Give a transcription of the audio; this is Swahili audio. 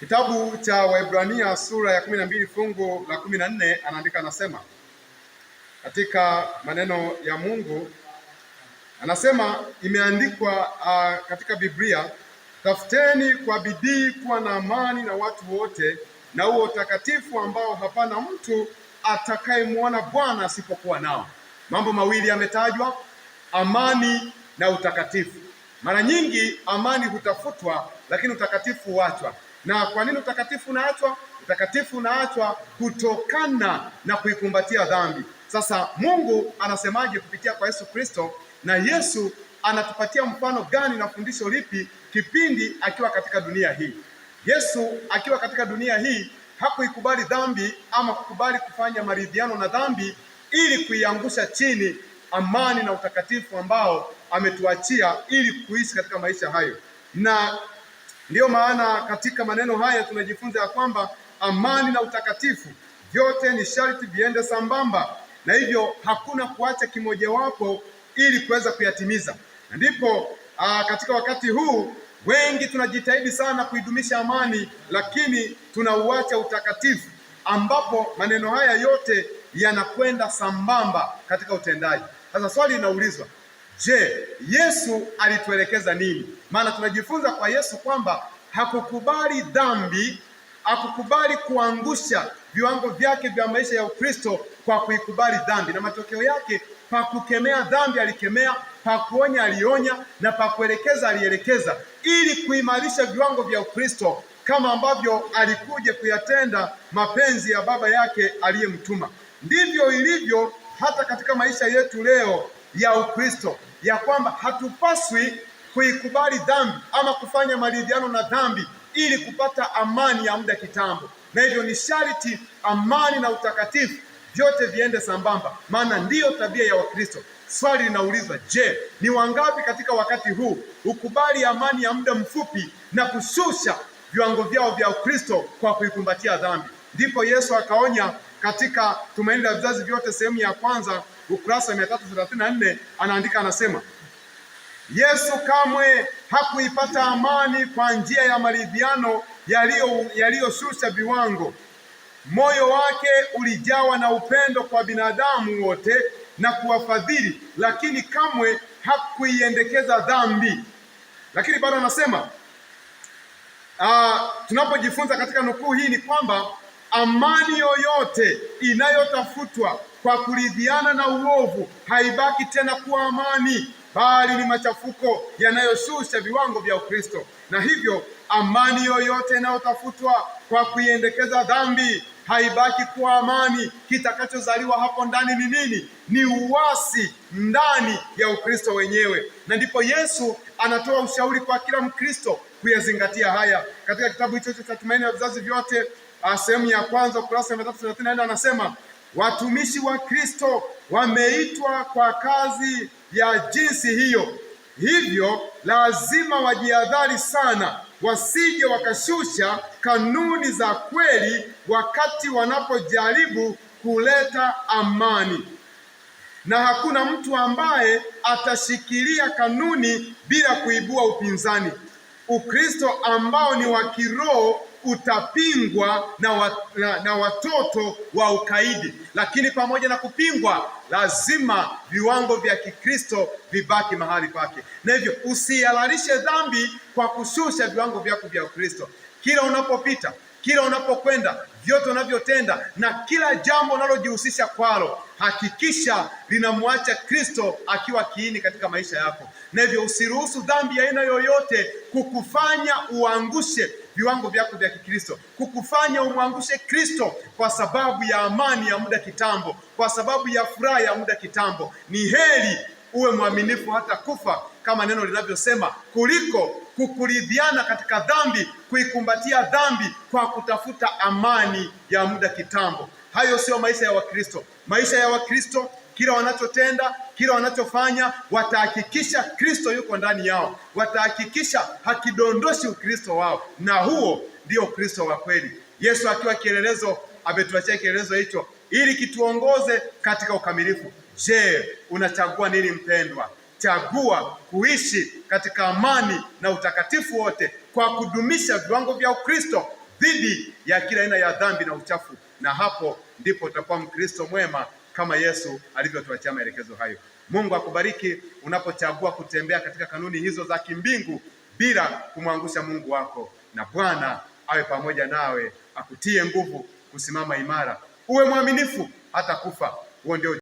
Kitabu cha Waebrania sura ya kumi na mbili fungu la kumi na nne anaandika anasema, katika maneno ya Mungu anasema imeandikwa uh, katika Biblia, tafuteni kwa bidii kuwa na amani na watu wote na huo utakatifu ambao hapana mtu atakayemwona Bwana asipokuwa nao. Mambo mawili yametajwa, amani na utakatifu. Mara nyingi amani hutafutwa, lakini utakatifu huachwa. Na kwa nini utakatifu unaachwa? Utakatifu unaachwa kutokana na kuikumbatia dhambi. Sasa Mungu anasemaje kupitia kwa Yesu Kristo? Na Yesu anatupatia mfano gani na fundisho lipi kipindi akiwa katika dunia hii? Yesu akiwa katika dunia hii hakuikubali dhambi ama kukubali kufanya maridhiano na dhambi ili kuiangusha chini amani na utakatifu ambao ametuachia ili kuishi katika maisha hayo. Na ndiyo maana katika maneno haya tunajifunza ya kwamba amani na utakatifu vyote ni sharti viende sambamba, na hivyo hakuna kuacha kimojawapo ili kuweza kuyatimiza. Ndipo ndipo katika wakati huu wengi tunajitahidi sana kuidumisha amani, lakini tunauacha utakatifu, ambapo maneno haya yote yanakwenda sambamba katika utendaji. Sasa swali linaulizwa, je, Yesu alituelekeza nini? Maana tunajifunza kwa Yesu kwamba hakukubali dhambi, hakukubali kuangusha viwango vyake vya maisha ya Ukristo kwa kuikubali dhambi, na matokeo yake pa kukemea dhambi alikemea, pa kuonya alionya, na pa kuelekeza alielekeza, ili kuimarisha viwango vya Ukristo kama ambavyo alikuja kuyatenda mapenzi ya Baba yake aliyemtuma. Ndivyo ilivyo hata katika maisha yetu leo ya Ukristo, ya kwamba hatupaswi kuikubali dhambi ama kufanya maridhiano na dhambi ili kupata amani ya muda kitambo, na hivyo ni sharti amani na utakatifu vyote viende sambamba, maana ndiyo tabia ya Wakristo. Swali linaulizwa, je, ni wangapi katika wakati huu ukubali amani ya muda mfupi na kushusha viwango vyao vya Ukristo kwa kuikumbatia dhambi? Ndipo Yesu akaonya katika Tumaini la Vizazi Vyote sehemu ya kwanza ukurasa mia tatu thelathini na nne anaandika anasema, Yesu kamwe hakuipata amani kwa njia ya maridhiano yaliyoshusha viwango. Moyo wake ulijawa na upendo kwa binadamu wote na kuwafadhili, lakini kamwe hakuiendekeza dhambi. Lakini bado anasema uh, tunapojifunza katika nukuu hii ni kwamba Amani yoyote inayotafutwa kwa kuridhiana na uovu haibaki tena kuwa amani, bali ni machafuko yanayoshusha viwango vya Ukristo. Na hivyo amani yoyote inayotafutwa kwa kuiendekeza dhambi haibaki kuwa amani. Kitakachozaliwa hapo ndani ni nini? Ni uasi ndani ya Ukristo wenyewe, na ndipo Yesu anatoa ushauri kwa kila Mkristo kuyazingatia haya katika kitabu hicho cha Tumaini ya Vizazi Vyote Ah, sehemu ya kwanza ukurasa mia tatu thelathini na nne anasema watumishi wa Kristo wameitwa kwa kazi ya jinsi hiyo, hivyo lazima wajihadhari sana wasije wakashusha kanuni za kweli wakati wanapojaribu kuleta amani. Na hakuna mtu ambaye atashikilia kanuni bila kuibua upinzani. Ukristo ambao ni wa kiroho utapingwa na, wa, na, na watoto wa ukaidi. Lakini pamoja na kupingwa, lazima viwango vya Kikristo vibaki mahali pake, na hivyo usihalalishe dhambi kwa kushusha viwango vyako vya Ukristo. Kila unapopita, kila unapokwenda, vyote unavyotenda na kila jambo unalojihusisha kwalo, hakikisha linamwacha Kristo akiwa kiini katika maisha yako, na hivyo usiruhusu dhambi ya aina yoyote kukufanya uangushe viwango vyako vya Kikristo, kukufanya umwangushe Kristo kwa sababu ya amani ya muda kitambo, kwa sababu ya furaha ya muda kitambo. Ni heri uwe mwaminifu hata kufa, kama neno linavyosema, kuliko kukuridhiana katika dhambi, kuikumbatia dhambi kwa kutafuta amani ya muda kitambo. Hayo sio maisha ya Wakristo. Maisha ya Wakristo, kila wanachotenda kila wanachofanya watahakikisha Kristo yuko ndani yao, watahakikisha hakidondoshi Ukristo wao, na huo ndio kristo wa kweli. Yesu akiwa kielelezo, ametuachia kielelezo hicho ili kituongoze katika ukamilifu. Je, unachagua nini mpendwa? Chagua kuishi katika amani na utakatifu wote kwa kudumisha viwango vya Ukristo dhidi ya kila aina ya dhambi na uchafu, na hapo ndipo utakuwa Mkristo mwema kama Yesu alivyotuachia maelekezo hayo. Mungu akubariki unapochagua kutembea katika kanuni hizo za kimbingu bila kumwangusha Mungu wako, na Bwana awe pamoja nawe, akutie nguvu kusimama imara, uwe mwaminifu hata kufa. Huo ndio